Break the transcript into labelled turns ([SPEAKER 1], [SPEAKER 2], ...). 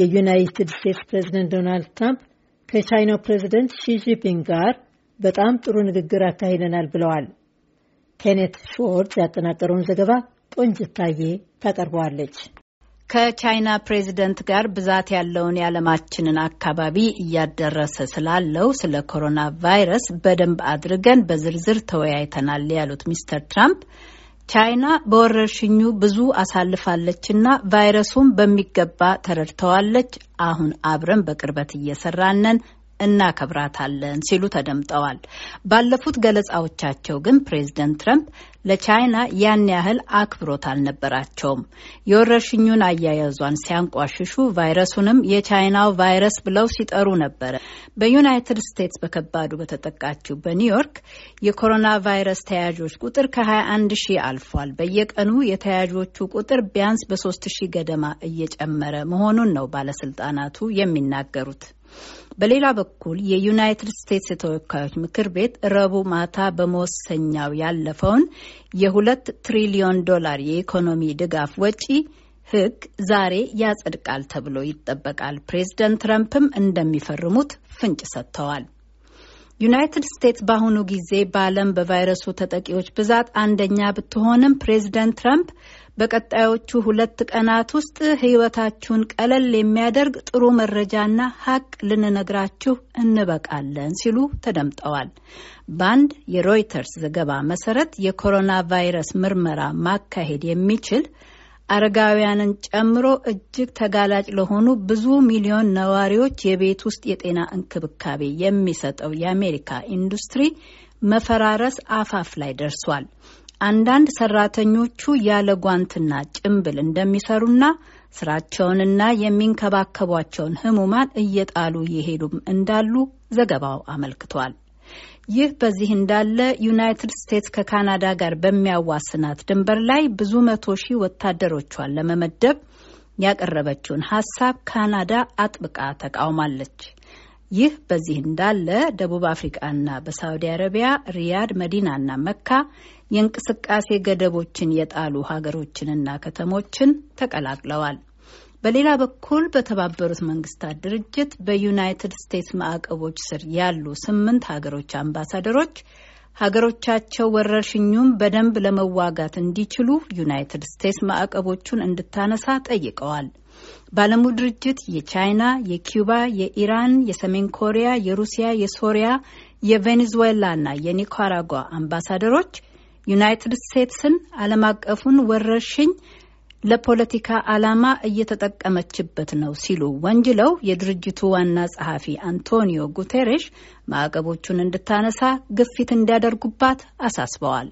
[SPEAKER 1] የዩናይትድ ስቴትስ ፕሬዚደንት ዶናልድ ትራምፕ ከቻይናው ፕሬዚደንት ሺጂፒንግ ጋር በጣም ጥሩ ንግግር አካሂደናል ብለዋል። ኬኔት ሾርት ያጠናቀረውን ዘገባ ቆንጅታዬ ታቀርበዋለች። ከቻይና ፕሬዚደንት ጋር ብዛት ያለውን የዓለማችንን አካባቢ እያደረሰ ስላለው ስለ ኮሮና ቫይረስ በደንብ አድርገን በዝርዝር ተወያይተናል ያሉት ሚስተር ትራምፕ ቻይና በወረርሽኙ ብዙ አሳልፋለችና ቫይረሱን በሚገባ ተረድተዋለች። አሁን አብረን በቅርበት እየሰራነን እናከብራታለን ሲሉ ተደምጠዋል። ባለፉት ገለጻዎቻቸው ግን ፕሬዝደንት ትረምፕ ለቻይና ያን ያህል አክብሮት አልነበራቸውም። የወረርሽኙን አያያዟን ሲያንቋሽሹ ቫይረሱንም የቻይናው ቫይረስ ብለው ሲጠሩ ነበረ። በዩናይትድ ስቴትስ በከባዱ በተጠቃችው በኒውዮርክ የኮሮና ቫይረስ ተያዦች ቁጥር ከ21 ሺህ አልፏል። በየቀኑ የተያዦቹ ቁጥር ቢያንስ በ3 ሺህ ገደማ እየጨመረ መሆኑን ነው ባለስልጣናቱ የሚናገሩት። በሌላ በኩል የዩናይትድ ስቴትስ የተወካዮች ምክር ቤት ረቡዕ ማታ በመወሰኛው ያለፈውን የሁለት ትሪሊዮን ዶላር የኢኮኖሚ ድጋፍ ወጪ ሕግ ዛሬ ያጸድቃል ተብሎ ይጠበቃል። ፕሬዚደንት ትረምፕም እንደሚፈርሙት ፍንጭ ሰጥተዋል። ዩናይትድ ስቴትስ በአሁኑ ጊዜ በዓለም በቫይረሱ ተጠቂዎች ብዛት አንደኛ ብትሆንም ፕሬዝደንት ትረምፕ ። በቀጣዮቹ ሁለት ቀናት ውስጥ ሕይወታችሁን ቀለል የሚያደርግ ጥሩ መረጃና ሀቅ ልንነግራችሁ እንበቃለን ሲሉ ተደምጠዋል። በአንድ የሮይተርስ ዘገባ መሰረት የኮሮና ቫይረስ ምርመራ ማካሄድ የሚችል አረጋውያንን ጨምሮ እጅግ ተጋላጭ ለሆኑ ብዙ ሚሊዮን ነዋሪዎች የቤት ውስጥ የጤና እንክብካቤ የሚሰጠው የአሜሪካ ኢንዱስትሪ መፈራረስ አፋፍ ላይ ደርሷል። አንዳንድ ሰራተኞቹ ያለ ጓንትና ጭምብል እንደሚሰሩና ስራቸውንና የሚንከባከቧቸውን ህሙማን እየጣሉ የሄዱም እንዳሉ ዘገባው አመልክቷል። ይህ በዚህ እንዳለ ዩናይትድ ስቴትስ ከካናዳ ጋር በሚያዋስናት ድንበር ላይ ብዙ መቶ ሺህ ወታደሮቿን ለመመደብ ያቀረበችውን ሀሳብ ካናዳ አጥብቃ ተቃውማለች። ይህ በዚህ እንዳለ ደቡብ አፍሪቃና በሳውዲ አረቢያ ሪያድ፣ መዲናና መካ የእንቅስቃሴ ገደቦችን የጣሉ ሀገሮችንና ከተሞችን ተቀላቅለዋል። በሌላ በኩል በተባበሩት መንግስታት ድርጅት በዩናይትድ ስቴትስ ማዕቀቦች ስር ያሉ ስምንት ሀገሮች አምባሳደሮች ሀገሮቻቸው ወረርሽኙን በደንብ ለመዋጋት እንዲችሉ ዩናይትድ ስቴትስ ማዕቀቦቹን እንድታነሳ ጠይቀዋል። በዓለሙ ድርጅት የቻይና፣ የኪዩባ፣ የኢራን፣ የሰሜን ኮሪያ፣ የሩሲያ፣ የሶሪያ፣ የቬኔዙዌላ እና የኒካራጓ አምባሳደሮች ዩናይትድ ስቴትስን ዓለም አቀፉን ወረርሽኝ ለፖለቲካ ዓላማ እየተጠቀመችበት ነው ሲሉ ወንጅለው የድርጅቱ ዋና ጸሐፊ አንቶኒዮ ጉቴሬሽ ማዕቀቦቹን እንድታነሳ ግፊት እንዲያደርጉባት አሳስበዋል።